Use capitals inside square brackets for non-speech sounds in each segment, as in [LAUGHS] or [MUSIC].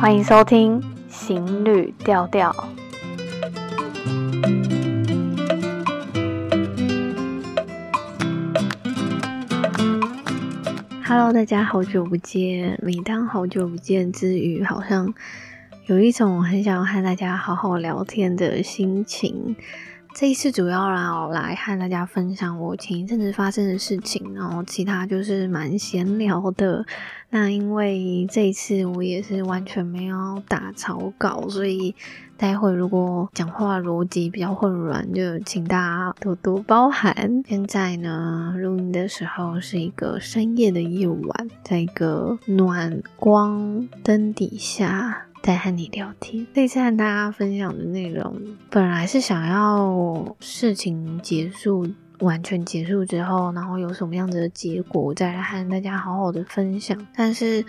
歡迎收聽《行旅調調》。Hello，大家好久不見！每當好久不見之餘，好像有一種很想和大家好好聊天的心情。這一次主要來我來和大家分享我前一陣子發生的事情，然後其他就是蠻閒聊的。那因為這一次我也是完全沒有打草稿，所以待會如果講話邏輯比較混亂，就請大家多多包涵。現在呢，錄音的時候是一個深夜的夜晚，在一個暖光燈底下。在和你聊天。那次和大家分享的內容，本來是想要事情結束、完全結束之後，然後有什麼樣的結果，再來和大家好好的分享。但是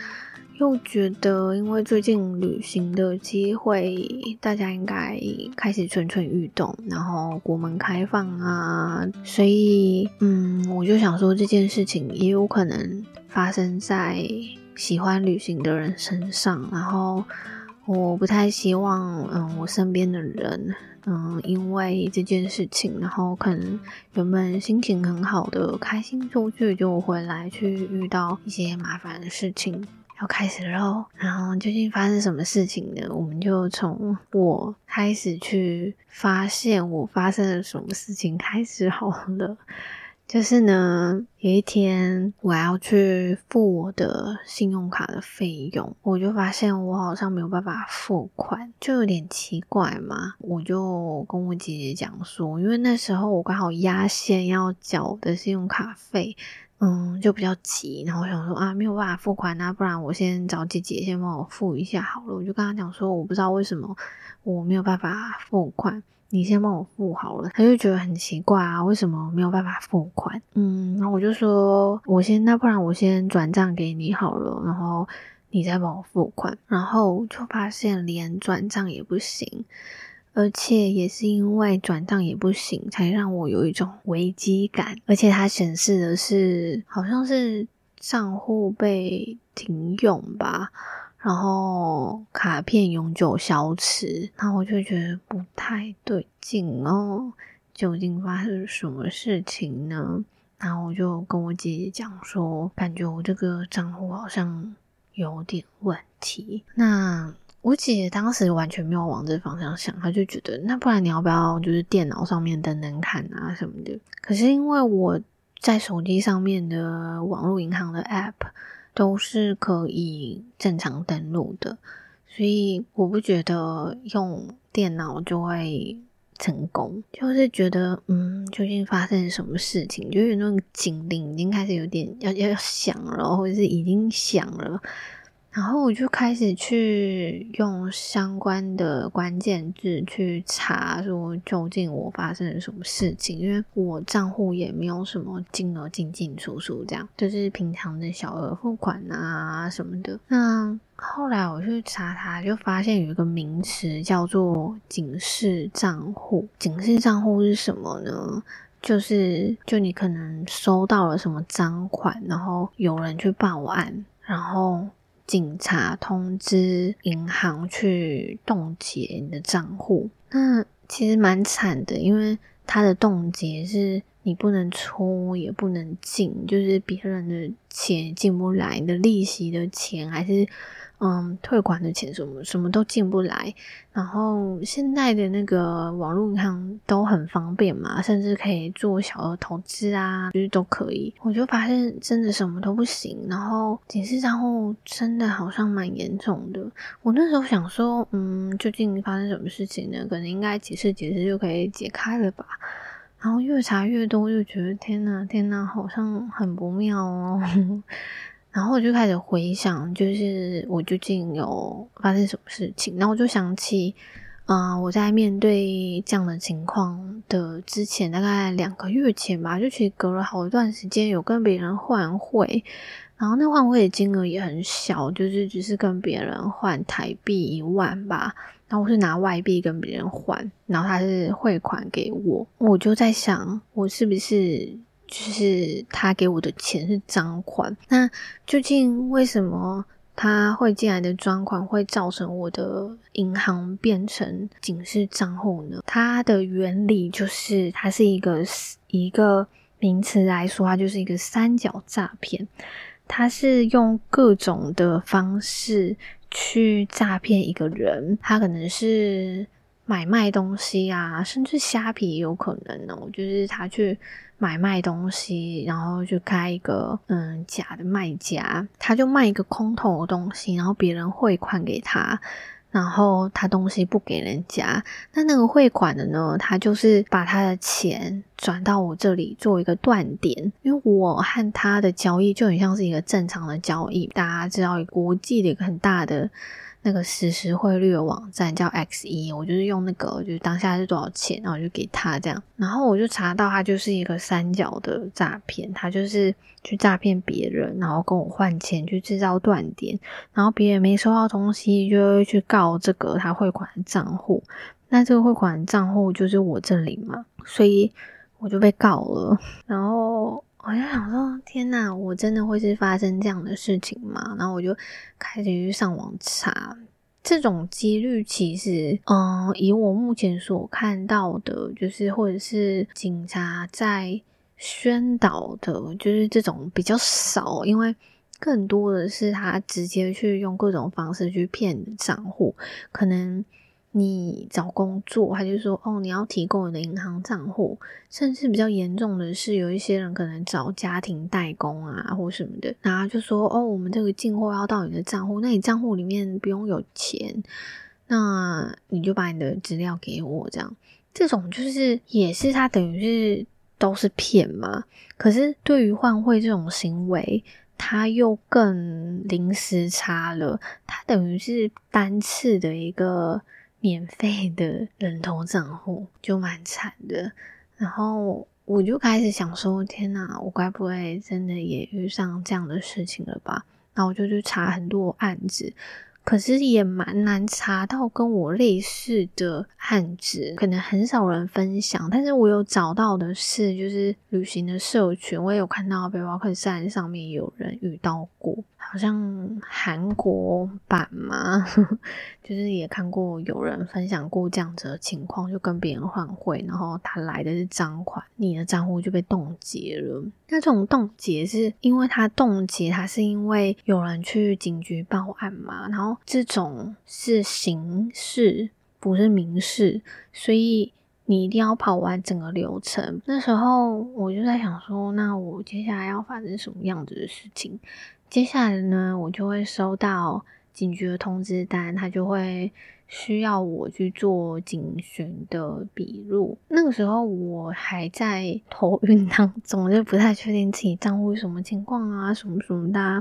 又覺得，因為最近旅行的機會，大家應該開始蠢蠢欲動，然後國門開放啊，所以，嗯，我就想說這件事情也有可能發生在喜歡旅行的人身上，然後。我不太希望，嗯，我身邊的人，嗯，因為這件事情，然後可能原本心情很好的、開心出去，就回來去遇到一些麻煩的事情，要開始嘍。然後究竟發生什麼事情呢？我們就從我開始去發現我發生了什麼事情開始好了。就是呢，有一天我要去付我的信用卡的費用，我就發現我好像沒有辦法付款，就有點奇怪嘛。我就跟我姐姐講說，因為那時候我剛好壓線要繳的信用卡費，嗯，就比較急。然後我想說啊，沒有辦法付款啊，那不然我先找姐姐先幫我付一下好了。我就跟她講說，我不知道為什麼我沒有辦法付款。你先幫我付好了。他就覺得很奇怪啊，為什麼沒有辦法付款？嗯，然後我就說，我先，那不然我先轉賬給你好了，然後你再幫我付款。然後就發現連轉賬也不行，而且也是因為轉賬也不行，才讓我有一種危機感。而且它顯示的是好像是賬戶被停用吧。然後卡片永久消磁，然後我就覺得不太對勁哦，然後究竟發生什麼事情呢？然後我就跟我姐姐講說，感覺我這個賬戶好像有點問題。那我姐姐當時完全沒有往這方向想，她就覺得那不然你要不要就是電腦上面登登看啊什麼的？可是因為我在手機上面的網絡銀行的 app。都是可以正常登錄的，所以我不覺得用電腦就會成功，就是覺得嗯，究竟發生什麼事情？就有、是、那種警鈴已經開始有點要要響了，或者是已經響了。然後我就開始去用相關的關鍵字去查，說究竟我發生了什麼事情，因為我賬戶也沒有什麼金額進進出出，這樣就是平常的小額付款啊什麼的。那後來我去查他就發現有一個名詞叫做“警示賬戶”。警示賬戶是什麼呢？就是就你可能收到了什麼贓款，然後有人去報案，然後。警察通知銀行去凍結你的賬戶，那其實蠻慘的，因為他的凍結是你不能出，也不能進，就是別人的錢進不來，你的利息的錢還是。嗯，退款的錢什麼什麼都進不來，然後現在的那個網絡銀行都很方便嘛，甚至可以做小額投資啊，就是都可以。我就發現真的什麼都不行，然後警示帳戶真的好像蠻嚴重的。我那時候想說，嗯，究竟發生什麼事情呢？可能應該解釋解釋就可以解開了吧。然後越查越多，就覺得天吶，天吶，好像很不妙哦。 [LAUGHS] 然後我就開始回想，就是我究竟有發生什麼事情。然後我就想起，啊、呃，我在面對這樣的情況的之前，大概兩個月前吧，就其實隔了好一段時間，有跟別人換匯。然後那換匯的金額也很小，就是只是跟別人換台幣一萬吧。然後我是拿外幣跟別人換，然後他是匯款給我。我就在想，我是不是？就是他給我的錢是贓款，那究竟為什麼他匯進來的贓款會造成我的銀行變成警示賬戶呢？它的原理就是，它是一個一個名詞來說，它就是一個三角詐騙。它是用各種的方式去詐騙一個人，他可能是買賣東西啊，甚至蝦皮也有可能哦，就是他去。買賣東西，然後就開一個嗯假的賣家，他就賣一個空頭的東西，然後別人匯款給他，然後他東西不給人家。那那個匯款的呢，他就是把他的錢轉到我這裡做一個斷點，因為我和他的交易就很像是一個正常的交易。大家知道國際的一個很大的。那個實時匯率的網站叫 XE，我就是用那個，就是、當下是多少錢，然後我就給他這樣，然後我就查到他就是一個三角的詐騙，他就是去詐騙別人，然後跟我換錢去製造斷點，然後別人沒收到東西，就會去告這個他匯款的賬戶，那這個匯款賬戶就是我這裡嘛，所以我就被告了，然後。我就想說，天哪，我真的會是發生這樣的事情嗎？然後我就開始去上網查，這種幾率其實，嗯，以我目前所看到的，就是或者是警察在宣導的，就是這種比較少，因為更多的是他直接去用各種方式去騙賬戶，可能。你找工作，他就說哦，你要提供你的銀行賬戶，甚至比較嚴重的是，有一些人可能找家庭代工啊，或什麼的，然後就說哦，我們這個進貨要到你的賬戶，那你賬戶裡面不用有錢，那你就把你的資料給我，這樣這種就是也是他等於是都是騙嘛。可是對於換匯這種行為，他又更臨時差了，他等於是單次的一個。免費的人頭賬戶就蠻慘的，然後我就開始想說，天吶、啊、我該不會真的也遇上這樣的事情了吧？然後我就去查很多案子，可是也蠻難查到跟我類似的案子，可能很少人分享。但是我有找到的是，就是旅行的社群，我也有看到背包客棧上面有人遇到過。好像韓國版嘛。 [LAUGHS] 就是也看過有人分享過這樣子的情況，就跟別人換匯，然後他來的是贓款，你的賬戶就被凍結了。那這種凍結是因為他凍結，他是因為有人去警局報案嘛。然後這種是刑事，不是民事，所以你一定要跑完整個流程。那時候我就在想說，那我接下來要發生什麼樣子的事情？接下來呢，我就會收到警局的通知單，他就會需要我去做警詢的筆錄。那個時候我還在頭暈當中，就不太確定自己賬戶什麼情況啊，什麼什麼的啊，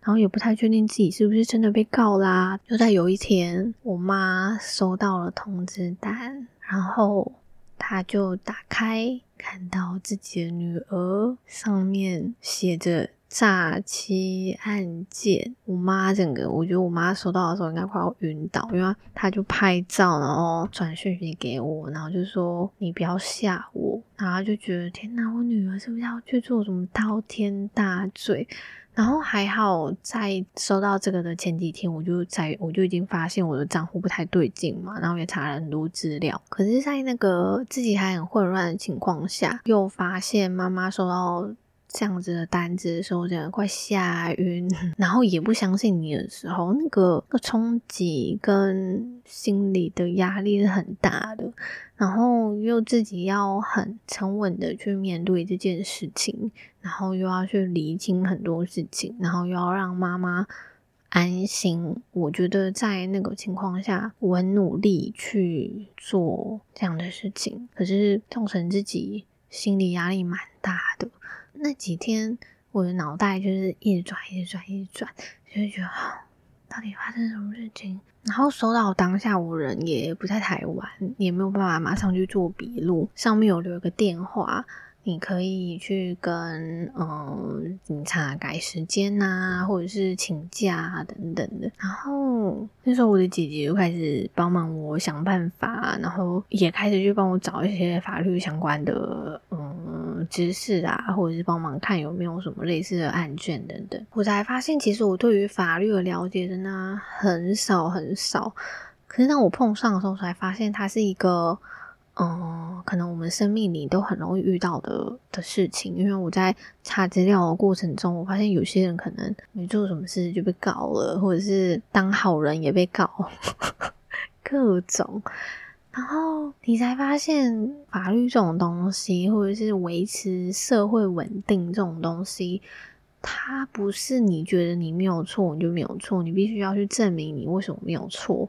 然後也不太確定自己是不是真的被告啦啊。就在有一天，我媽收到了通知單，然後她就打開，看到自己的女兒上面寫着。詐欺案件，我媽整個，我覺得我媽收到的時候應該快要暈倒，因為她就拍照，然後轉訊息給我，然後就說你不要嚇我，然後就覺得天哪，我女兒是不是要去做什麼滔天大罪？然後還好在收到這個的前幾天，我就在我就已經發現我的賬戶不太對勁嘛，然後也查了很多資料，可是，在那個自己還很混亂的情況下，又發現媽媽收到。這樣子的單子的時候，我真的快嚇暈，然後也不相信你的時候，那個那個衝擊跟心理的壓力是很大的，然後又自己要很沉穩的去面對這件事情，然後又要去釐清很多事情，然後又要讓媽媽安心。我覺得在那個情況下，我很努力去做這樣的事情，可是造成自己心理壓力蠻大的。那幾天我的腦袋就是一直轉，一直轉，一直轉，就是覺得，到底發生什麼事情？然後收到當下，我人也不在台灣，也沒有辦法馬上去做筆錄，上面有留一個電話。你可以去跟嗯警察改時間吶、啊，或者是請假、啊、等等的。然後那時候我的姐姐就開始幫忙我想辦法，然後也開始去幫我找一些法律相關的嗯知識啊，或者是幫忙看有沒有什麼類似的案卷等等。我才發現，其實我對於法律的了解真的、啊、很少很少，可是當我碰上的時候，才發現它是一個。哦、嗯，可能我們生命裡都很容易遇到的的事情，因為我在查資料的過程中，我發現有些人可能沒做什麼事就被告了，或者是當好人也被告， [LAUGHS] 各種。然後你才發現，法律這種東西，或者是維持社會穩定這種東西，它不是你覺得你沒有錯，你就沒有錯，你必須要去證明你為什麼沒有錯。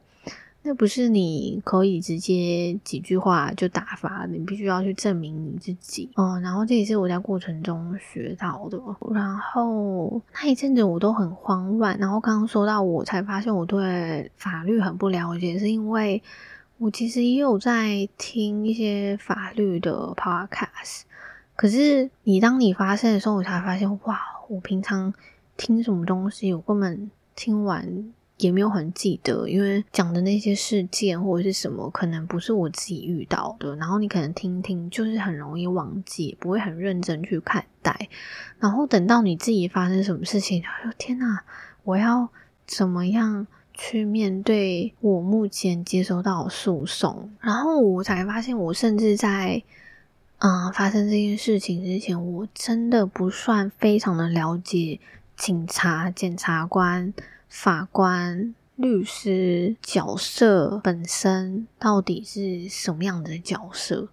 那不是你可以直接幾句話就打發，你必須要去證明你自己。嗯，然後這也是我在過程中學到的。然後那一陣子我都很慌亂，然後剛剛說到我，我才發現我對法律很不了解，是因為我其實也有在聽一些法律的 Podcast，可是你當你發現的時候，我才發現哇，我平常聽什麼東西，我根本聽完。也沒有很記得，因為講的那些事件或者是什麼，可能不是我自己遇到的。然後你可能聽聽，就是很容易忘記，不會很認真去看待。然後等到你自己發生什麼事情，哎喲，天哪，我要怎麼樣去面對我目前接收到訴訟？然後我才發現，我甚至在嗯、呃、發生這件事情之前，我真的不算非常的了解警察、檢察官、法官、律師角色本身到底是什麼樣的角色？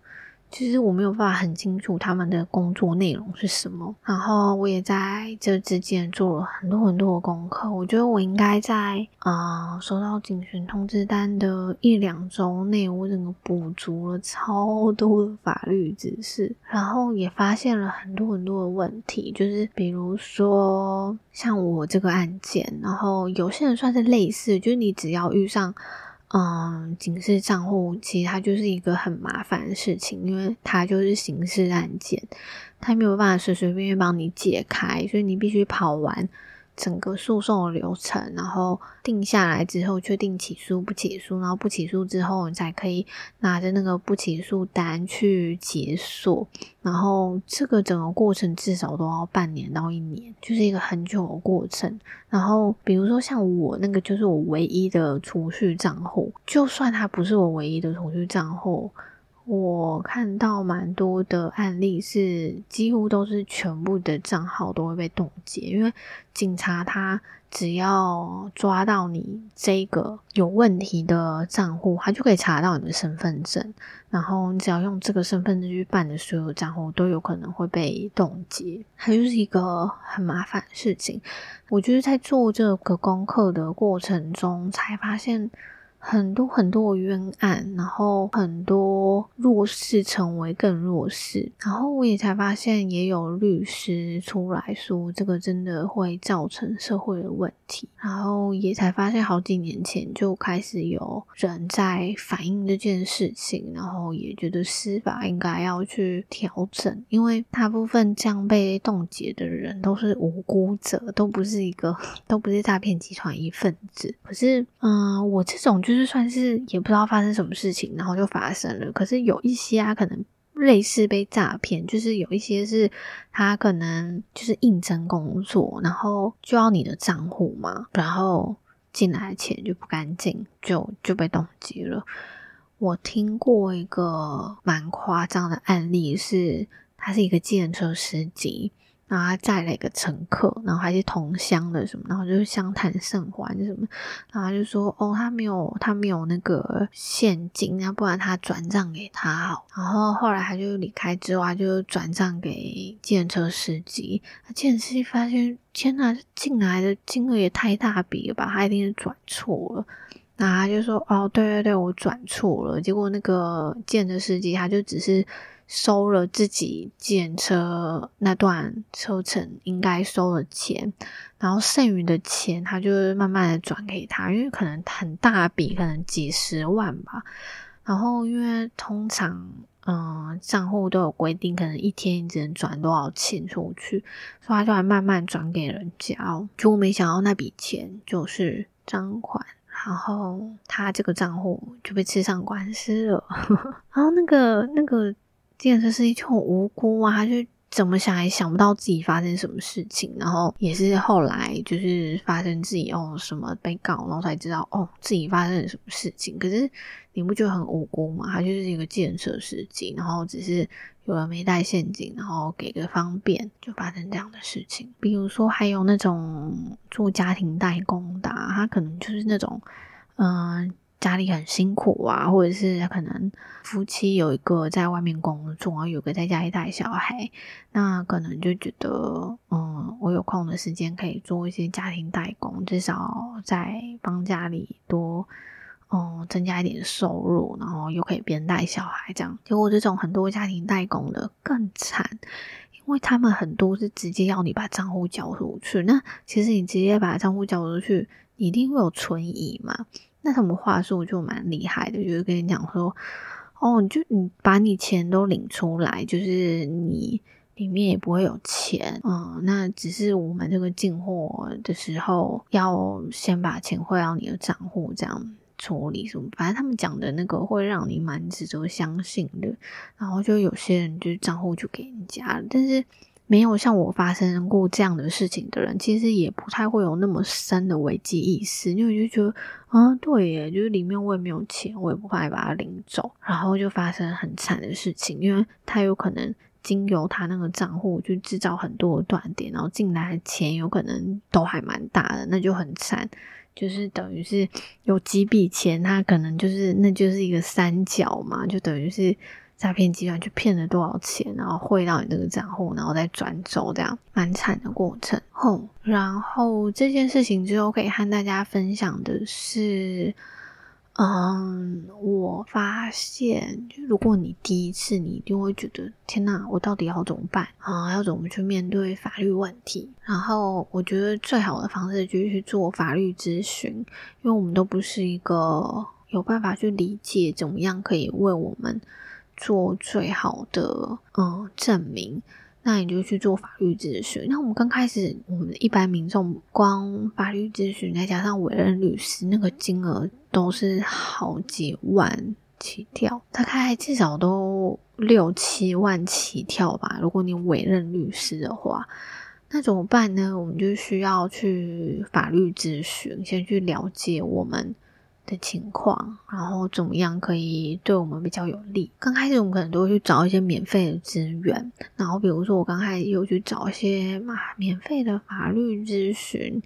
其實我沒有辦法很清楚他們的工作內容是什麼，然後我也在這之間做了很多很多的功課。我覺得我應該在啊、呃、收到警詢通知單的一兩周內，我整個補足了超多的法律知識，然後也發現了很多很多的問題，就是比如說像我這個案件，然後有些人算是類似，就是你只要遇上。嗯，警示賬戶其實它就是一個很麻煩的事情，因為它就是刑事案件，它沒有辦法隨隨便便幫你解開，所以你必須跑完。整個訴訟的流程，然後定下來之後，確定起訴不起訴，然後不起訴之後，你才可以拿着那個不起訴單去解鎖。然後這個整個過程至少都要半年到一年，就是一個很久的過程。然後比如說像我那個，就是我唯一的儲蓄賬戶，就算它不是我唯一的儲蓄賬戶。我看到蠻多的案例是，是幾乎都是全部的賬號都會被凍結，因為警察他只要抓到你這個有問題的賬戶，他就可以查到你的身份證，然後你只要用這個身份證去辦的所有賬戶都有可能會被凍結，它就是一個很麻煩的事情。我就是在做這個功課的過程中才發現。很多很多冤案，然後很多弱勢成為更弱勢，然後我也才發現，也有律師出來說，這個真的會造成社會的問題。然後也才發現，好幾年前就開始有人在反映這件事情，然後也覺得司法應該要去調整，因為大部分這樣被凍結的人都是無辜者，都不是一個都不是詐騙集團一份子。可是，嗯，我這種就是。就算是也不知道發生什麼事情，然後就發生了。可是有一些啊，可能類似被詐騙，就是有一些是他可能就是應徵工作，然後就要你的賬戶嘛，然後進來的錢就不乾淨，就就被凍結了。我聽過一個蠻誇張的案例，是他是一個計程車司機。然後他載了一個乘客，然後還是同鄉的什麼，然後就是相談甚歡什麼，然後他就說哦，他沒有他沒有那個現金，那不然他轉賬給他好。然後後來他就離開之後，他就轉賬給計程車司機。他計程車司機發現，天哪，進來的金額也太大筆了吧？他一定是轉錯了。然後他就說哦，對對對，我轉錯了。結果那個計程車司機他就只是。收了自己計程車那段車程應該收的錢，然後剩餘的錢他就會慢慢的轉給他，因為可能很大筆，可能幾十萬吧。然後因為通常嗯呃、賬戶都有規定，可能一天只能轉多少錢出去，所以他就會慢慢轉給人家。結果沒想到那筆錢就是贓款，然後他這個賬戶就被吃上官司了。 [LAUGHS] 然後那個那個。計程車司機就很無辜啊，他就怎麼想也想不到自己發生什麼事情，然後也是後來就是發生自己哦什麼被告，然後才知道哦自己發生了什麼事情。可是你不覺得很無辜嗎？他就是一個計程車司機，然後只是有人沒帶現金，然後給個方便就發生這樣的事情。比如說還有那種做家庭代工的，啊，他可能就是那種嗯。呃家裡很辛苦啊，或者是可能夫妻有一個在外面工作，有個在家裡帶小孩，那可能就覺得，嗯，我有空的時間可以做一些家庭代工，至少在幫家裡多，嗯，增加一點收入，然後又可以邊帶小孩，這樣。結果這種很多家庭代工的更慘，因為他們很多是直接要你把賬戶交出去，那其實你直接把賬戶交出去，你一定會有存疑嘛。那他們話術就蠻厲害的，就是跟你講說，哦，就你把你錢都領出來，就是你裡面也不會有錢，嗯，那只是我們這個進貨的時候要先把錢匯到你的賬戶，這樣處理什麼，反正他們講的那個會讓你蠻值得相信的，然後就有些人就賬戶就給人家，但是。沒有像我發生過這樣的事情的人，其實也不太會有那麼深的危機意識，因為就覺得，啊對，就是裡面我也沒有錢，我也不怕把它領走，然後就發生很慘的事情，因為他有可能經由他那個賬戶去制造很多的斷點，然後進來的錢有可能都還蠻大的，那就很慘，就是等於是有幾筆錢，他可能就是那就是一個三角嘛，就等於是。詐騙集團去騙了多少錢，然後匯到你那個賬戶，然後再轉走，這樣蠻慘的過程。Oh, 後，然後這件事情之後可以和大家分享的是，嗯，我發現如果你第一次，你一定會覺得，天吶，我到底要怎麼辦啊、嗯，要怎麼去面對法律問題？然後我覺得最好的方式就是去做法律諮詢，因為我們都不是一個有辦法去理解怎麼樣可以為我們。做最好的嗯，證明，那你就去做法律諮詢。那我們剛開始，我們一般民眾光法律諮詢，再加上委任律師，那個金額都是好幾萬起跳，大概至少都六七萬起跳吧。如果你委任律師的話，那怎麼辦呢？我們就需要去法律諮詢，先去了解我們。的情況，然後怎麼樣可以對我們比較有利？剛開始我們可能都會去找一些免費的資源，然後比如說我剛開始又去找一些嘛、啊、免費的法律諮詢。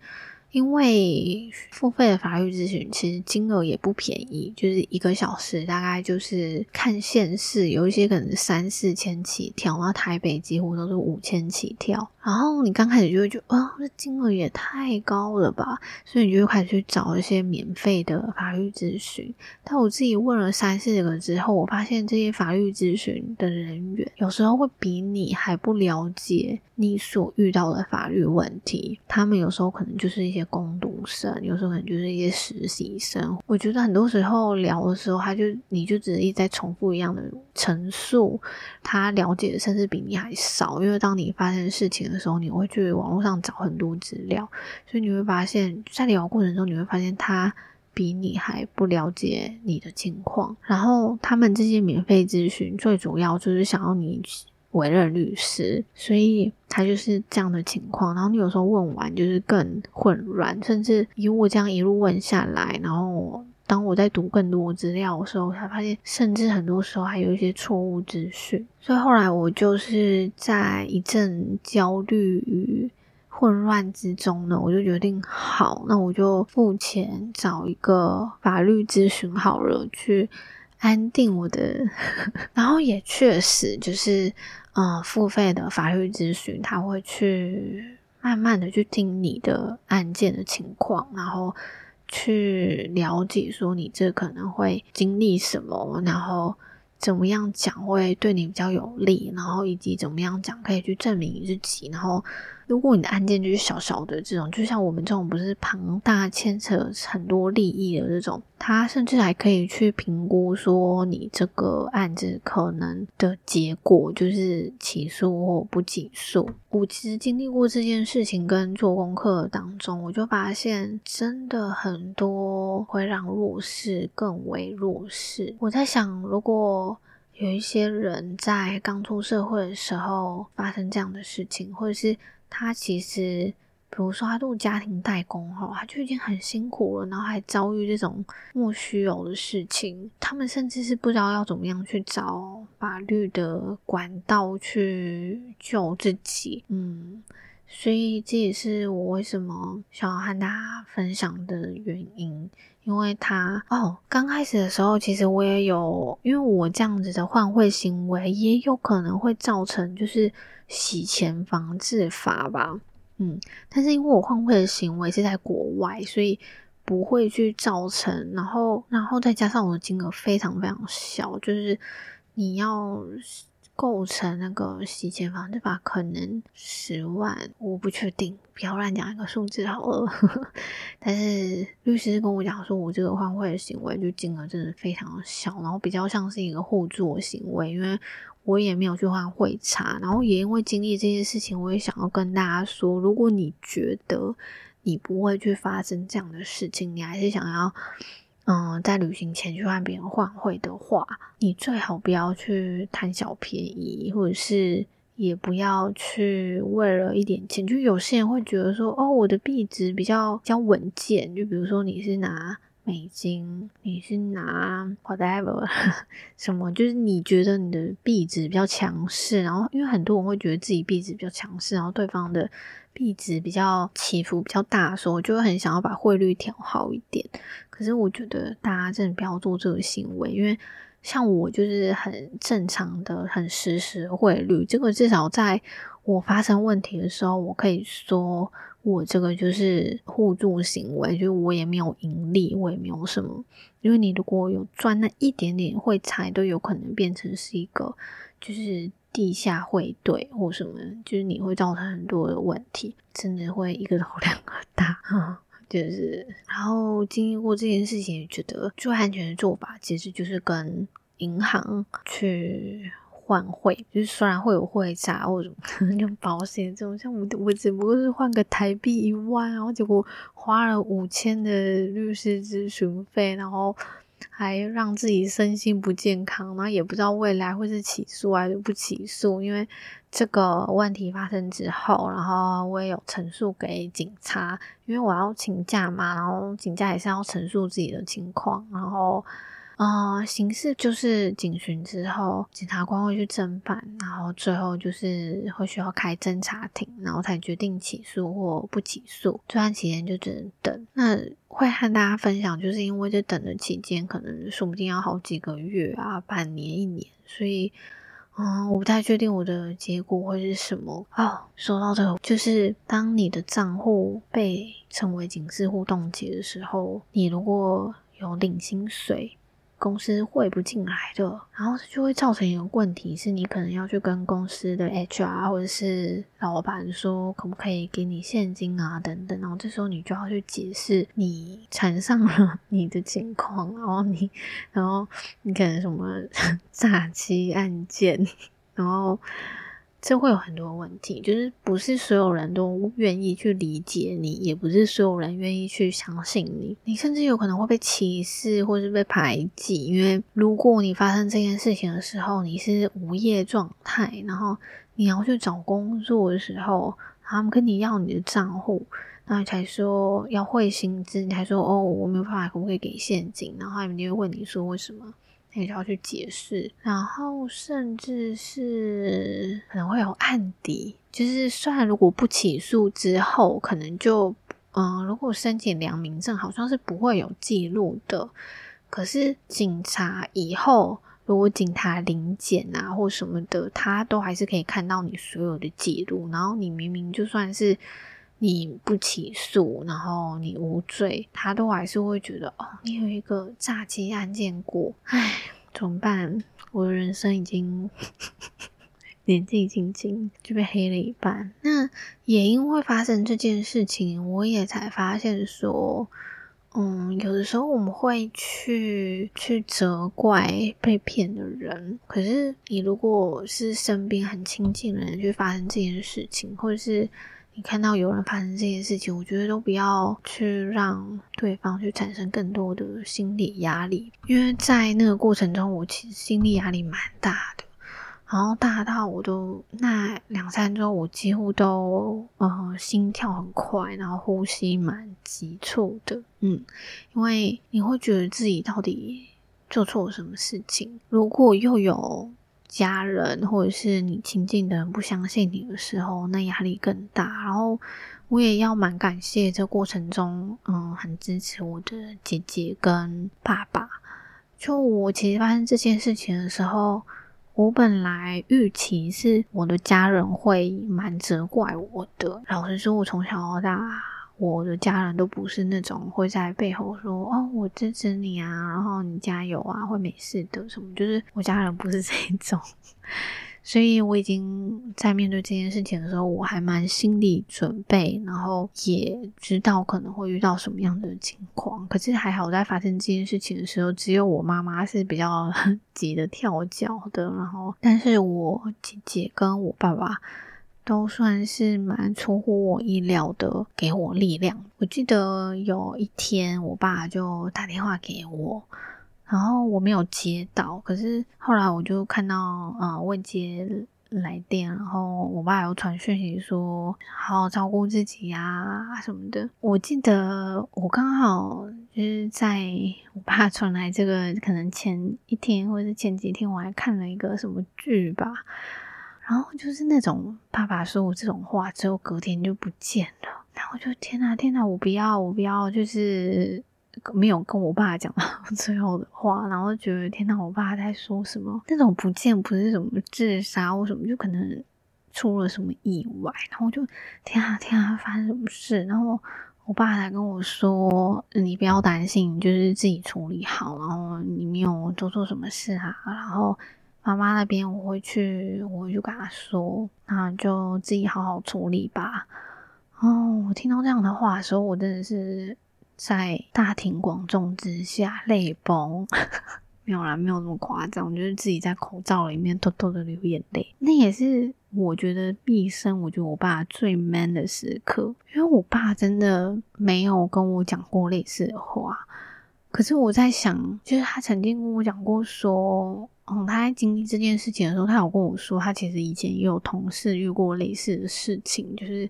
因為付費的法律諮詢其實金額也不便宜，就是一個小時大概就是看縣市，有一些可能三四千起跳，然後台北幾乎都是五千起跳。然後你剛開始就會覺得啊，這、哦、金額也太高了吧，所以你就會開始去找一些免費的法律諮詢。但我自己問了三四個之後，我發現這些法律諮詢的人員有時候會比你還不了解你所遇到的法律問題，他們有時候可能就是一些。工讀生有時候可能就是一些實習生，我覺得很多時候聊的時候，他就你就只是一再重複一樣的陳述，他了解的甚至比你還少。因為當你發生事情的時候，你會去網絡上找很多資料，所以你會發現在聊的過程中，你會發現他比你還不了解你的情況。然後他們這些免費諮詢，最主要就是想要你。委任律師，所以他就是這樣的情況。然後你有時候問完就是更混亂，甚至以我這樣一路問下來，然後我當我在讀更多資料的時候，我才發現，甚至很多時候還有一些錯誤資訊。所以後來我就是在一陣焦慮與混亂之中呢，我就決定好，那我就付錢找一個法律諮詢好了，去安定我的， [LAUGHS] 然後也確實就是。嗯，付費的法律諮詢，他會去慢慢的去聽你的案件的情況，然後去了解說你這可能會經歷什麼，然後怎麼樣講會對你比較有利，然後以及怎麼樣講可以去證明你自己，然後。如果你的案件就是小小的這種，就像我們這種不是龐大牽扯很多利益的這種，它甚至還可以去評估說你這個案子可能的結果，就是起訴或不起訴。我其實經歷過這件事情跟做功課當中，我就發現真的很多會讓弱勢更為弱勢。我在想，如果有一些人在剛出社會的時候發生這樣的事情，或者是。他其實，比如說他入家庭代工哈，他就已經很辛苦了，然後還遭遇這種莫須有的事情，他們甚至是不知道要怎麼樣去找法律的管道去救自己，嗯，所以這也是我為什麼想要和大家分享的原因。因為他哦，剛開始的時候，其實我也有，因為我這樣子的換匯行為也有可能會造成就是洗錢防制法吧，嗯，但是因為我換匯的行為是在國外，所以不會去造成，然後然後再加上我的金額非常非常小，就是你要。構成那個洗錢房子吧，可能十萬，我不確定，不要亂講一個數字好了呵呵。但是律師跟我講說，我這個換匯的行為就金額真的非常的小，然後比較像是一個互助行為，因為我也沒有去換匯差。然後也因為經歷這件事情，我也想要跟大家說，如果你覺得你不會去發生這樣的事情，你還是想要。嗯，在旅行前去換別人換匯的話，你最好不要去貪小便宜，或者是也不要去為了一點錢。就有些人會覺得說，哦，我的幣值比較比較穩健。就比如說你是拿美金，你是拿 whatever 什麼，就是你覺得你的幣值比較強勢。然後因為很多人會覺得自己幣值比較強勢，然後對方的幣值比較起伏比較大，所以我就會很想要把匯率調好一點。可是我覺得大家真的不要做這個行為，因為像我就是很正常的、很實時匯率。這個至少在我發生問題的時候，我可以說我這個就是互助行為，就是、我也沒有盈利，我也沒有什麼。因為你如果有賺那一點點匯差都有可能變成是一個就是地下匯兌或什麼，就是你會造成很多的問題，甚至會一個頭兩個大啊。嗯就是，然後經歷過這件事情，覺得最安全的做法其實就是跟銀行去換匯。就是雖然會有匯差或者用保險這種，像我我只不過是換個台幣一萬，然後結果花了五千的律師諮詢費，然後。還讓自己身心不健康，然後也不知道未來會是起訴還是不起訴，因為這個問題發生之後，然後我也有陳述給警察，因為我要請假嘛，然後請假也是要陳述自己的情況，然後。啊，刑事、呃、就是警詢之後，檢察官會去偵辦，然後最後就是會需要開偵查庭，然後才決定起訴或不起訴。這段期間就只能等。那會和大家分享，就是因為這等的期間，可能說不定要好幾個月啊，半年、一年，所以，嗯、呃，我不太確定我的結果會是什麼啊、哦。說到這個，就是當你的賬戶被稱為警示戶凍結的時候，你如果有領薪水。公司匯不進來的，然後就會造成一個問題，是你可能要去跟公司的 HR 或者是老闆說，可不可以給你現金啊等等，然後這時候你就要去解釋你纏上了你的情況，然後你，然後你可能什麼詐欺案件，然後。這會有很多問題，就是不是所有人都願意去理解你，也不是所有人願意去相信你，你甚至有可能會被歧視或者被排擠。因為如果你發生這件事情的時候，你是無業狀態，然後你要去找工作的時候，他們跟你要你的賬戶，然後你才說要匯薪資，你還說，哦我沒有辦法，可不可以給現金？然後他們就會問你說為什麼？那你就要去解釋，然後甚至是可能會有案底。就是雖然如果不起訴之後，可能就嗯，如果申請良民證，好像是不會有記錄的。可是警察以後如果警察臨檢啊或什麼的，他都還是可以看到你所有的記錄。然後你明明就算是。你不起訴，然後你無罪，他都還是會覺得哦，你有一個詐欺案件過，哎，怎麼辦？我的人生已經 [LAUGHS] 年紀輕輕就被黑了一半。那也因為發生這件事情，我也才發現說，嗯，有的時候我們會去去責怪被騙的人，可是你如果是身邊很親近的人，去發生這件事情，或者是。你看到有人發生這些事情，我覺得都不要去讓對方去產生更多的心理壓力，因為在那個過程中，我其實心理壓力蠻大的，然後大到我都那兩三周，我幾乎都嗯、呃、心跳很快，然後呼吸蠻急促的，嗯，因為你會覺得自己到底做錯了什麼事情，如果又有。家人或者是你親近的人不相信你的時候，那壓力更大。然後我也要蠻感謝這過程中，嗯，很支持我的姐姐跟爸爸。就我其實發生這件事情的時候，我本來預期是我的家人會蠻責怪我的。老實說，我從小到大。我的家人都不是那種會在背後說哦，我支持你啊，然後你加油啊，會沒事的什麼。就是我家人不是這種，所以我已經在面對這件事情的時候，我還蠻心理準備，然後也知道可能會遇到什麼樣的情況。可是還好，在發生這件事情的時候，只有我媽媽是比較急得跳腳的，然後但是我姐姐跟我爸爸。都算是蠻出乎我意料的，給我力量。我記得有一天，我爸就打電話給我，然後我沒有接到，可是後來我就看到，啊、呃、未接來電，然後我爸有傳訊息說，好好照顧自己呀、啊、什麼的。我記得我剛好就是在我爸傳來這個可能前一天，或者前幾天，我還看了一個什麼劇吧。然後就是那種爸爸說我這種話，之後隔天就不見了。然後就天哪天哪，我不要我不要，就是沒有跟我爸講最後的話。然後覺得天哪，我爸在說什麼？那種不見不是什麼自殺我什麼，就可能出了什麼意外。然後我就天哪天啊，發生什麼事？然後我爸還跟我說，你不要擔心，就是自己處理好，然後你沒有做錯什麼事啊，然後。媽媽那邊我會去，我會去跟她說，那就自己好好處理吧。哦，我聽到這樣的話的時候，我真的是在大庭廣眾之下淚崩，沒有啦，沒有那麼誇張，就是自己在口罩裡面偷偷的流眼淚。那也是我覺得畢生，我覺得我爸最 man 的時刻，因為我爸真的沒有跟我講過類似的話。可是我在想，就是他曾經跟我講過說。嗯，他在經歷這件事情的時候，他有跟我說，他其實以前也有同事遇過類似的事情，就是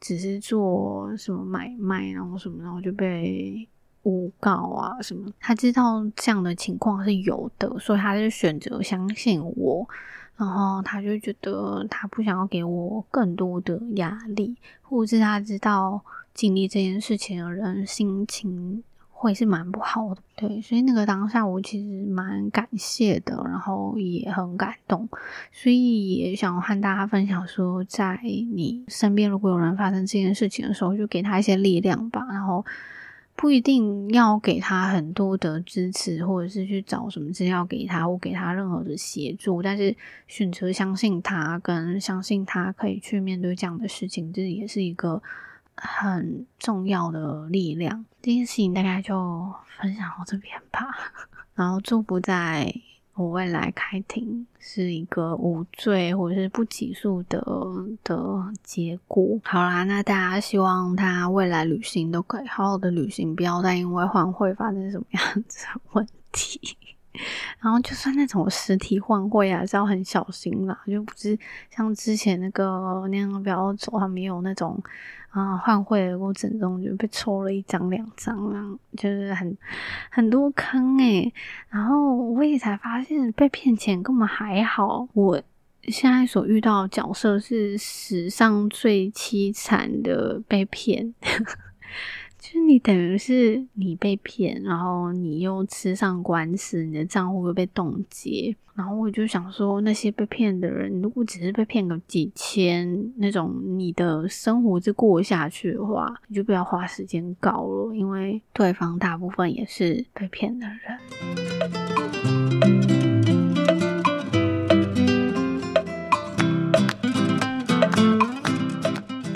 只是做什麼買賣，然後什麼，然後就被誣告啊什麼。他知道這樣的情況是有的，所以他就選擇相信我。然後他就覺得他不想要給我更多的壓力，或者是他知道經歷這件事情的人心情。會是蠻不好的，對，所以那個當下我其實蠻感謝的，然後也很感動，所以也想要和大家分享說，在你身邊如果有人發生這件事情的時候，就給他一些力量吧，然後不一定要給他很多的支持，或者是去找什麼資料給他，我給他任何的協助，但是選擇相信他跟相信他可以去面對這樣的事情，這也是一個。很重要的力量，這件事情大概就分享到這邊吧。然後祝福在，我未來開庭是一個無罪或者是不起訴的的結果。好啦，那大家希望他未來旅行都可以好好的旅行，不要再因為換匯發生什麼樣子的問題。然後就算那種實體換匯啊，是要很小心啦，就不是像之前那個那樣不要走，還沒有那種。啊，換匯的過程中就被抽了一張兩張，啊，就是很很多坑哎、欸，然後我也才發現被騙錢，根本還好。我現在所遇到的角色是史上最淒慘的被騙。 [LAUGHS] 那你等於是你被騙，然後你又吃上官司，你的賬戶會被凍結。然後我就想說，那些被騙的人，如果只是被騙個幾千，那種你的生活就過下去的話，你就不要花時間搞了，因為對方大部分也是被騙的人。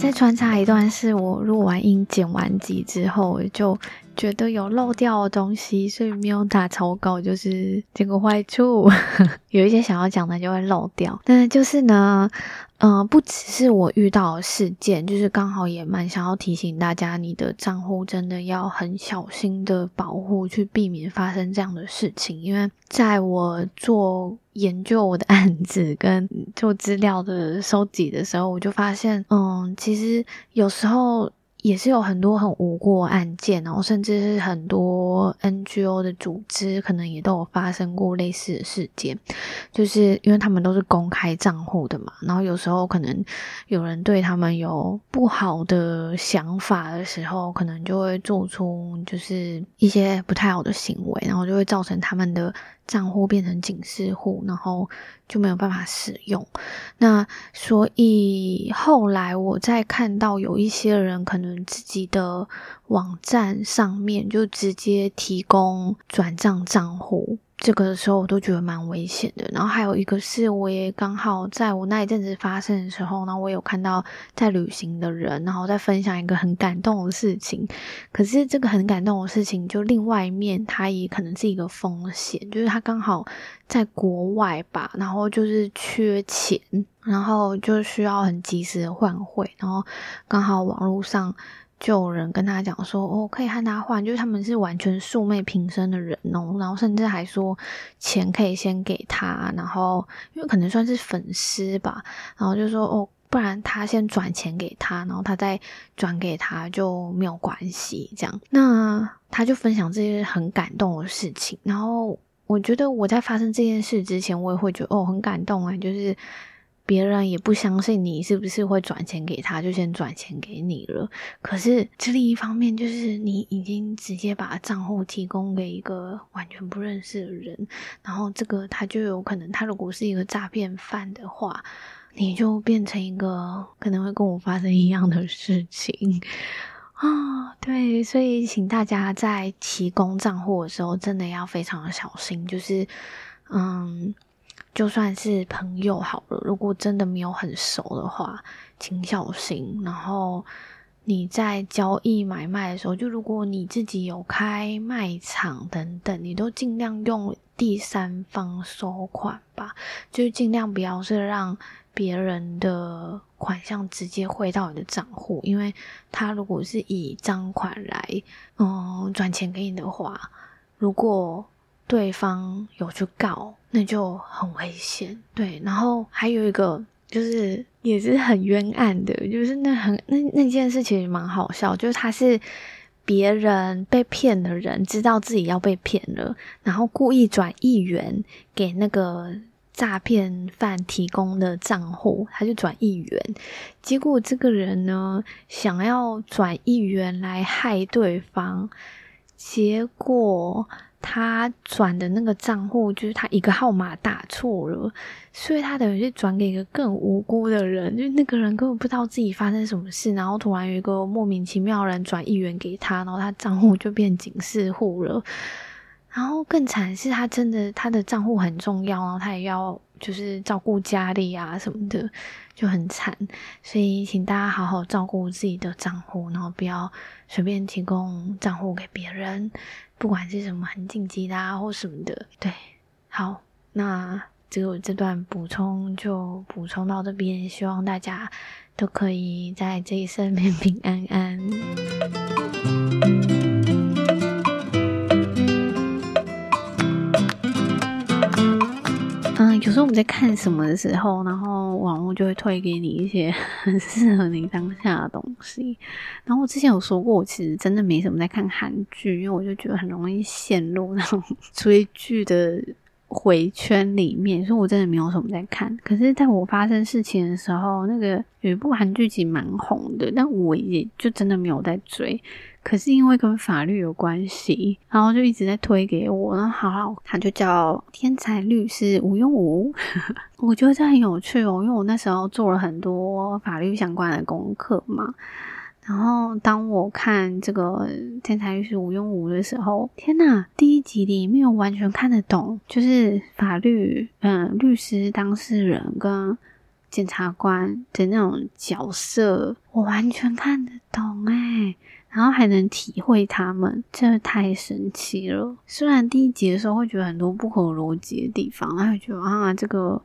再穿插一段，是我錄完音、剪完輯之後就，覺得有漏掉的東西，所以沒有打草稿就是這個壞處。 [LAUGHS] 有一些想要講的就會漏掉。但是就是呢，嗯，不只是我遇到的事件，就是剛好也蠻想要提醒大家，你的賬戶真的要很小心的保護，去避免發生這樣的事情。因為在我做研究、我的案子跟做資料的收集的時候，我就發現，嗯，其實有時候。也是有很多很無過案件，然後甚至是很多 NGO 的組織，可能也都有發生過類似的事件，就是因為他們都是公開賬戶的嘛，然後有時候可能有人對他們有不好的想法的時候，可能就會做出就是一些不太好的行為，然後就會造成他們的。賬戶變成警示戶，然後就沒有辦法使用。那所以後來我再看到有一些人可能自己的網站上面就直接提供轉賬賬戶。這個的時候我都覺得蠻危險的，然後還有一個是，我也剛好在我那一陣子發生的時候呢，然後我也有看到在旅行的人，然後在分享一個很感動的事情，可是這個很感動的事情，就另外一面，它也可能是一個風險，就是他剛好在國外吧，然後就是缺錢，然後就需要很及時的換匯，然後剛好網絡上。就有人跟他講說，哦，可以和他換，就是他們是完全素昧平生的人哦，然後甚至還說錢可以先給他，然後因為可能算是粉絲吧，然後就說哦，不然他先轉錢給他，然後他再轉給他就沒有關係，這樣。那他就分享這些很感動的事情，然後我覺得我在發生這件事之前，我也會覺得哦，很感動哎，就是。別人也不相信你是不是會轉錢給他，就先轉錢給你了。可是，這另一方面就是你已經直接把賬戶提供給一個完全不認識的人，然後這個他就有可能，他如果是一個詐騙犯的話，你就變成一個可能會跟我發生一樣的事情啊，哦，對，所以請大家在提供賬戶的時候，真的要非常的小心，就是，嗯。就算是朋友好了，如果真的沒有很熟的話，請小心。然後你在交易買賣的時候，就如果你自己有開賣場等等，你都盡量用第三方收款吧，就盡量不要是讓別人的款項直接匯到你的賬戶，因為他如果是以贓款來嗯轉錢給你的話，如果對方有去告。那就很危險，對。然後還有一個就是也是很冤案的，就是那很那那件事情也蠻好笑，就是他是別人被騙的人，知道自己要被騙了，然後故意轉一元給那個詐騙犯提供的賬戶，他就轉一元，結果這個人呢想要轉一元來害對方，結果。他轉的那個賬戶就是他一個號碼打錯了，所以他等於就轉給一個更無辜的人，就那個人根本不知道自己發生什麼事，然後突然有一個莫名其妙的人轉一元給他，然後他賬戶就變警示戶了。然後更慘是他真的他的賬戶很重要，然後他也要。就是照顧家裡啊什麼的就很慘，所以請大家好好照顧自己的賬戶，然後不要隨便提供賬戶給別人，不管是什麼很緊急的啊，或什麼的。對，好，那只有這段補充就補充到這邊，希望大家都可以在這一生平平安安。 [MUSIC] 所以我們在看什麼的時候，然後網絡就會推給你一些很適合你當下的東西。然後我之前有說過，我其實真的沒什麼在看韓劇，因為我就覺得很容易陷入那種追劇的迴圈裡面，所以我真的沒有什麼在看。可是在我發生事情的時候，那個有一部韓劇其實蠻紅的，但我也就真的沒有在追。可是因為跟法律有關係，然後就一直在推給我。然後，好好他就叫天才律師禹英禑。 [LAUGHS] 我覺得這很有趣哦，因為我那時候做了很多法律相關的功課嘛。然後，當我看這個天才律師禹英禑的時候，天吶，第一集裡沒有完全看得懂，就是法律，嗯、呃，律師、當事人跟檢察官的那種角色，我完全看得懂哎、欸。然後還能體會他們，這太神奇了。雖然第一集的時候會覺得很多不合邏輯的地方，然後覺得啊，這個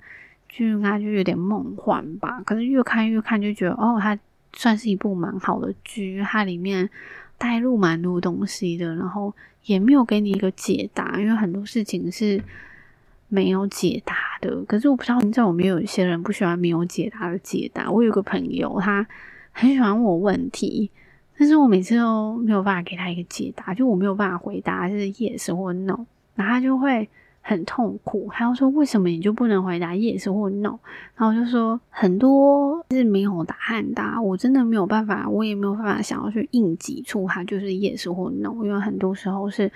劇應該就有點夢幻吧。可是越看越看就覺得，哦，它算是一部蠻好的劇，它裡面帶入蠻多東西的。然後也沒有給你一個解答，因為很多事情是沒有解答的。可是我不知道，你知道，我們有一些人不喜歡沒有解答的解答。我有個朋友，他很喜歡問我問題。但是我每次都沒有辦法給他一個解答，就我沒有辦法回答是 yes 或 no，然後他就會很痛苦，他就說為什麼你就不能回答 yes 或 no？然後我就說很多是沒有答案的啊，我真的沒有辦法，我也沒有辦法想要去硬擠出，他就是 yes 或 no，因為很多時候是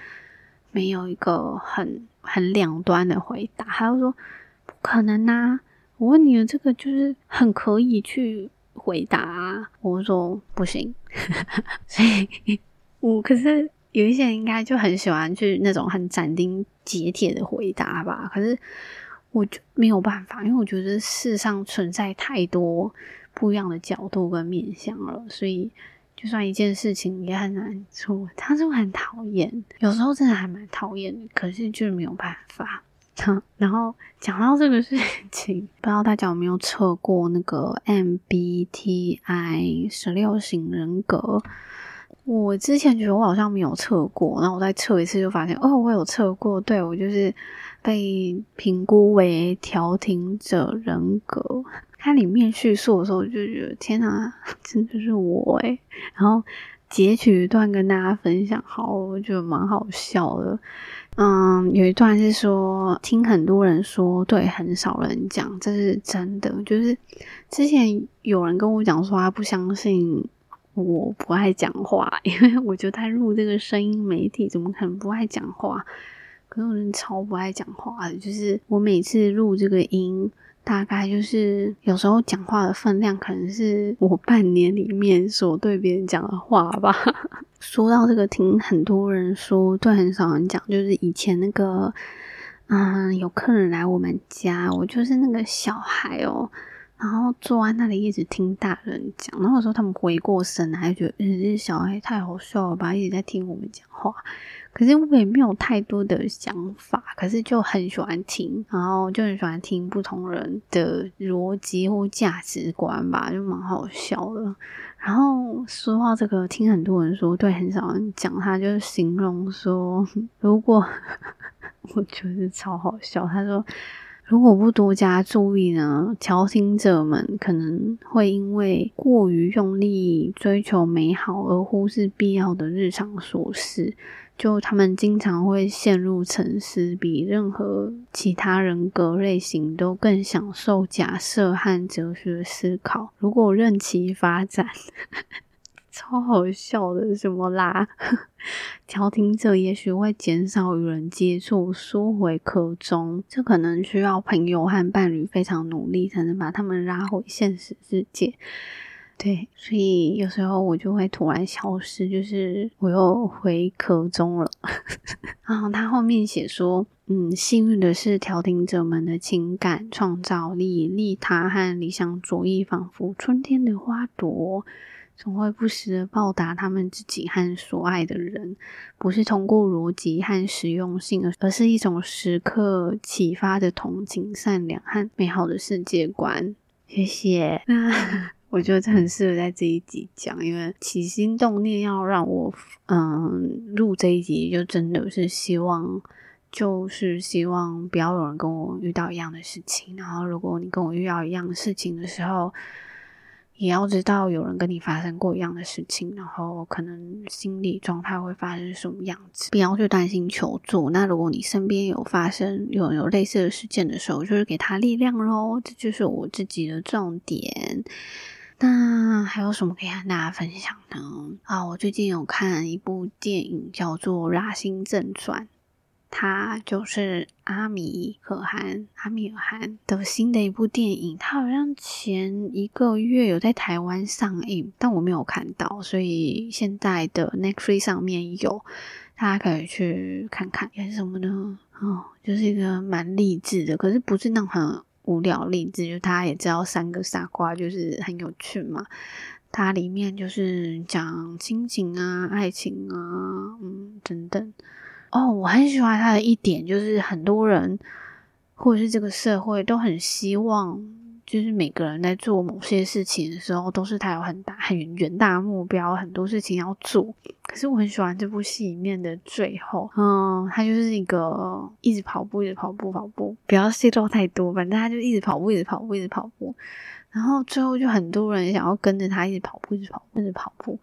沒有一個很很兩端的回答，他就說不可能啊，我問你的這個就是很可以去。回答、啊，我說不行， [LAUGHS] 所以我可是有一些人應該就很喜歡去那種很斬釘截鐵的回答吧。可是我就沒有辦法，因為我覺得世上存在太多不一樣的角度跟面向了，所以就算一件事情也很難做，他是不是很討厭，有時候真的還蠻討厭的，可是就是沒有辦法。然後講到這個事情，不知道大家有沒有測過那個 MBTI 十六型人格？我之前覺得我好像沒有測過，然後我再測一次就發現，哦，我有測過。對，我就是被評估為調停者人格。它裡面敘述的時候，我就覺得天哪，真的是我誒、欸，然後截取一段跟大家分享，好，我覺得蠻好笑的。嗯，有一段是說聽很多人說，對很少人講，這是真的。就是之前有人跟我講說，他不相信我不愛講話，因為我覺得他錄這個聲音媒體，怎麼可能不愛講話？可是我人超不愛講話的，就是我每次錄這個音，大概就是有時候講話的分量，可能是我半年裡面所對別人講的話吧。說到這個，聽很多人說，對，很少人講，就是以前那個，嗯，有客人來我們家，我就是那個小孩哦。然後坐在那裡一直聽大人講，然後有時候他們回過神來，覺得嗯，這、欸、小孩太好笑了吧，一直在聽我們講話。可是我也沒有太多的想法，可是就很喜歡聽，然後就很喜歡聽不同人的邏輯或價值觀吧，就蠻好笑的。然後說到這個，聽很多人說，對，很少人講他，就是形容說，如果我覺得超好笑。他說。如果不多加注意呢，調停者們可能會因為過於用力追求美好而忽視必要的日常瑣事。就他們經常會陷入沉思，比任何其他人格類型都更享受假設和哲學思考。如果任其發展。 [LAUGHS] 超好笑的，什麼拉調停 [LAUGHS] 者也許會減少與人接觸，縮回殼中。這可能需要朋友和伴侶非常努力，才能把他們拉回現實世界。對，所以有時候我就會突然消失，就是我又回殼中了。然 [LAUGHS] 後、哦、他後面寫說：“嗯，幸運的是，調停者們的情感、創造力、利他和理想主義，仿佛春天的花朵。”總會不時的報答他們自己和所愛的人，不是通過邏輯和實用性，而是一種時刻啟發的同情、善良和美好的世界觀。謝謝。那我覺得這很適合在這一集講，因為起心動念要讓我嗯錄這一集，就真的是希望，就是希望不要有人跟我遇到一樣的事情。然後，如果你跟我遇到一樣的事情的時候，也要知道有人跟你發生過一樣的事情，然後可能心理狀態會發生什麼樣子，不要去擔心求助。那如果你身邊有發生有有類似的事件的時候，就是給他力量嘍。這就是我自己的重點。那還有什麼可以和大家分享呢？啊，我最近有看一部電影，叫做《拉辛正傳》。他就是阿米爾汗，阿米爾汗的新的一部電影，他好像前一個月有在台灣上映，但我沒有看到，所以現在的 Netflix 上面有，大家可以去看看。演什麼呢？哦，就是一個蠻勵志的，可是不是那種很無聊勵志。就大家也知道，三個傻瓜就是很有趣嘛。它裡面就是講親情啊、愛情啊，嗯，等等。哦，oh, 我很喜歡他的一點就是，很多人或者是這個社會都很希望，就是每個人在做某些事情的時候，都是他有很大很遠大的目標，很多事情要做。可是我很喜歡這部戲裡面的最後，嗯，他就是一個一直跑步，一直跑步，跑步，不要泄露太多，反正他就一直跑步，一直跑步，一直跑步。然後最後就很多人想要跟着他一直跑步，一直跑步，一直跑步。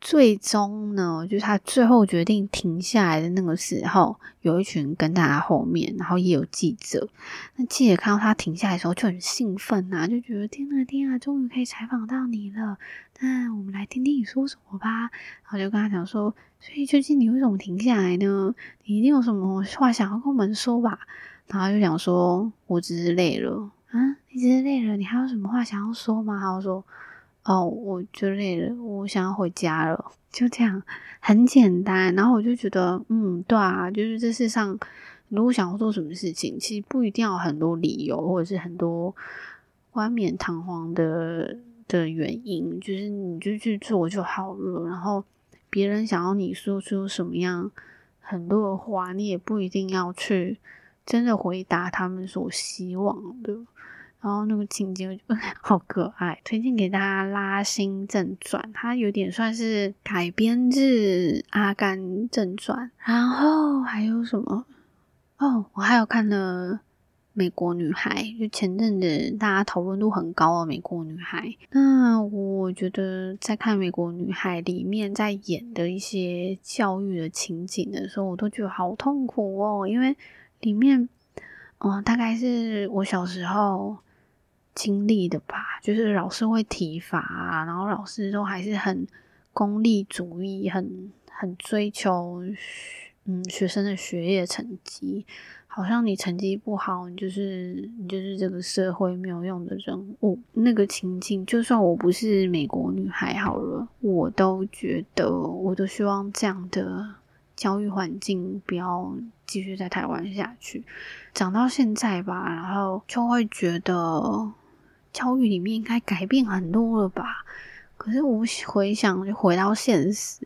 最終呢，就是他最後決定停下來的那個時候，有一群跟在他後面，然後也有記者。那記者看到他停下來的時候，就很興奮吶、啊，就覺得天啊天啊，終於可以採訪到你了。那我們來聽聽你說什麼吧。然後就跟他講說，所以究竟你為什麼停下來呢？你一定有什麼話想要跟我們說吧？然後就想說，我只是累了。嗯、啊，你只是累了，你還有什麼話想要說嗎？然後說。哦，我覺得累了，我想要回家了，就這樣，很簡單。然後我就覺得，嗯，對啊，就是這世上，如果想要做什麼事情，其實不一定要有很多理由，或者是很多冠冕堂皇的的原因，就是你就去做就好了。然後別人想要你說出什麼樣很多的話，你也不一定要去真的回答他們所希望的。然後那個情節我覺得好可愛，推薦給大家《拉辛正傳》，它有點算是改編自《阿甘正傳》。然後還有什麼？哦，我還有看了《美國女孩》，就前陣子大家討論度很高的、啊《美國女孩》。那我覺得在看《美國女孩》裡面在演的一些教育的情景的時候，我都覺得好痛苦哦，因為裡面，哦，大概是我小時候。經歷的吧，就是老師會體罰、啊，然後老師都還是很功利主義，很很追求學嗯學生的學業的成績，好像你成績不好，你就是你就是這個社會沒有用的人物、哦。那個情境，就算我不是美國女孩，好了，我都覺得我都希望這樣的教育環境不要繼續在台灣下去。長到現在吧，然後就會覺得。教育裡面應該改變很多了吧？可是我回想，就回到現實，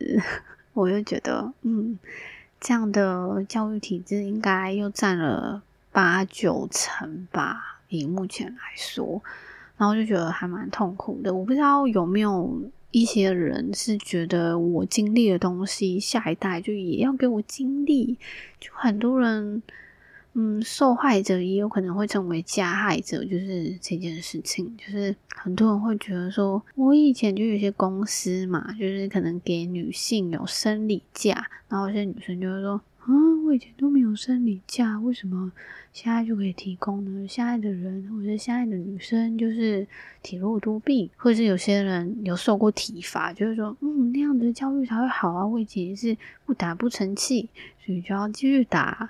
我就覺得，嗯，這樣的教育體制應該又占了八九成吧，以目前來說，然後就覺得還蠻痛苦的。我不知道有沒有一些人是覺得我經歷的東西，下一代就也要給我經歷，就很多人。嗯，受害者也有可能會成為加害者，就是這件事情，就是很多人會覺得說，我以前就有些公司嘛，就是可能給女性有生理假，然後有些女生就會說，啊，我以前都沒有生理假，為什麼現在就可以提供呢？現在的人或者現在的女生就是體弱多病，或者是有些人有受過體罰，就是說，嗯，那樣子教育才會好啊，我以前是不打不成器，所以就要繼續打。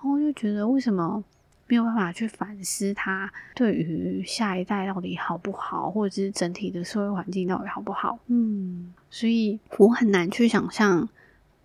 然後我就覺得，為什麼沒有辦法去反思它對於下一代到底好不好，或者是整體的社會環境到底好不好？嗯，所以我很難去想象。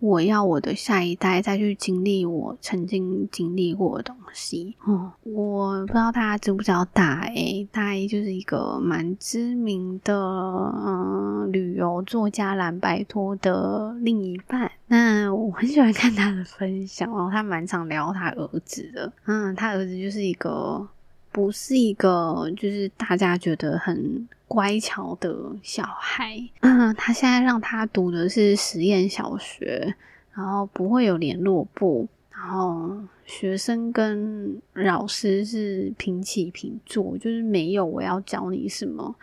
我要我的下一代再去經歷我曾經經歷過的東西。哦、嗯，我不知道他知不知道大 A，大 A 就是一個蠻知名的嗯旅遊作家藍白拖的另一半。那我很喜歡看他的分享然後、哦、他蠻常聊他兒子的。嗯，他兒子就是一個不是一個就是大家覺得很。乖巧的小孩，嗯，他現在讓他讀的是實驗小學，然後不會有聯絡簿，然後學生跟老師是平起平坐，就是沒有我要教你什麼，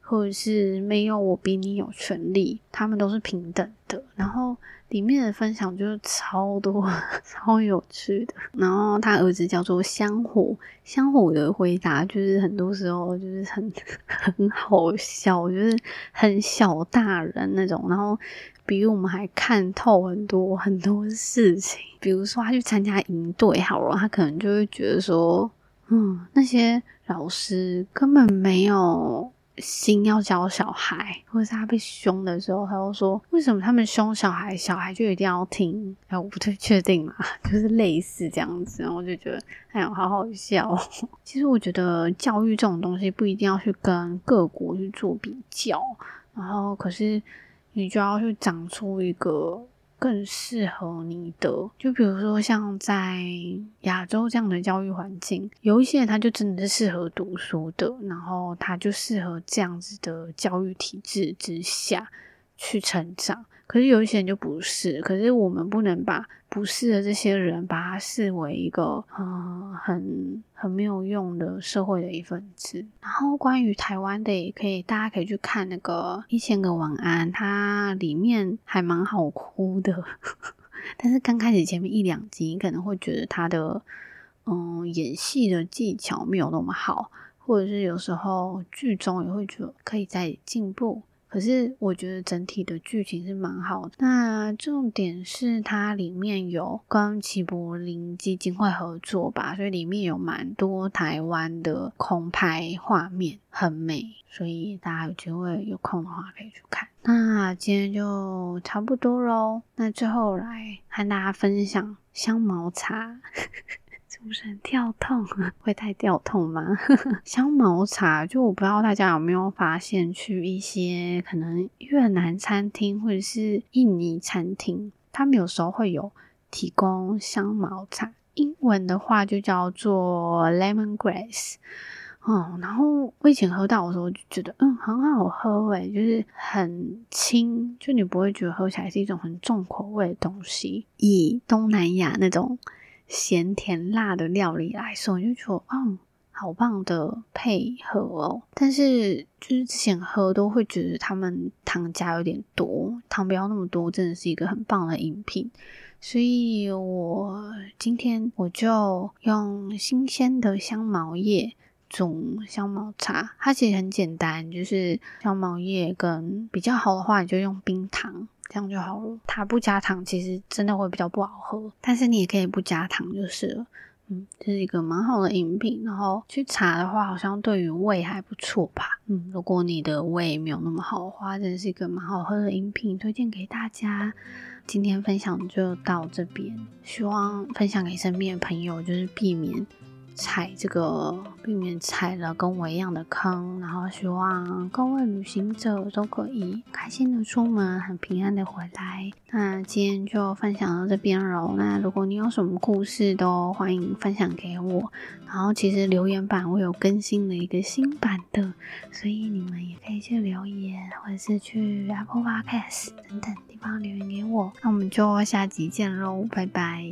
或者是沒有我比你有權利，他們都是平等的，然後。裡面的分享就是超多，超有趣的。然後他兒子叫做香火，香火的回答就是很多時候就是很很好笑，就是很小大人那種。然後比我們還看透很多很多事情。比如說他去參加營隊好了，他可能就會覺得說，嗯，那些老師根本沒有心要教小孩，或者是他被兇的時候，他就說：為什麼他們兇小孩，小孩就一定要聽？哎，我不太確定嘛，就是類似這樣子。然後我就覺得，哎呀，好好笑。其實我覺得教育這種東西不一定要去跟各國去做比較，然後可是你就要去長出一個。更適合你的，就比如說像在亞洲這樣的教育環境，有一些他就真的是適合讀書的，然後他就適合這樣子的教育體制之下去成長。可是有一些人就不是，可是我們不能把不是的這些人，把它視為一個呃很很沒有用的社會的一份子。然後關於台灣的也可以，大家可以去看那個《一千個晚安》，它裡面還蠻好哭的呵呵，但是剛開始前面一兩集，你可能會覺得他的嗯、呃、演戲的技巧沒有那麼好，或者是有時候劇中也會覺得可以再進步。可是我覺得整體的劇情是蠻好的，那重點是它裡面有跟齊柏林基金會合作吧，所以裡面有蠻多台灣的空拍畫面，很美，所以大家有機會有空的話可以去看。那今天就差不多嘍，那最後來和大家分享香茅茶。 [LAUGHS] 是不是很跳痛？會太跳痛嗎？ [LAUGHS] 香茅茶，就我不知道大家有沒有發現，去一些可能越南餐廳或者是印尼餐廳，他們有時候會有提供香茅茶，英文的話就叫做 lemon grass。哦，然後我以前喝到的時候就覺得，嗯，很好喝哎，就是很清，就你不會覺得喝起來是一種很重口味的東西，以東南亞那種。鹹甜辣的料理來說我就覺得，嗯，好棒的配合哦。但是就是之前喝都會覺得他們糖加有點多，糖不要那麼多，真的是一個很棒的飲品。所以我今天我就用新鮮的香茅葉煮香茅茶，它其實很簡單，就是香茅葉跟比較好的話，你就用冰糖。這樣就好了。它不加糖，其實真的會比較不好喝。但是你也可以不加糖就是了。嗯，這、就是一個蠻好的飲品。然後去茶的話，好像對於胃還不錯吧。嗯，如果你的胃沒有那麼好的話，這是一個蠻好喝的飲品，推薦給大家。今天分享就到這邊，希望分享給身邊的朋友，就是避免。踩這個，避免踩了跟我一樣的坑。然後希望各位旅行者都可以開心的出門，很平安的回來。那今天就分享到這邊嘍。那如果你有什麼故事都歡迎分享給我。然後其實留言板我有更新了一個新版的，所以你們也可以去留言，或者是去 Apple Podcast 等等地方留言給我。那我們就下集見嘍，拜拜。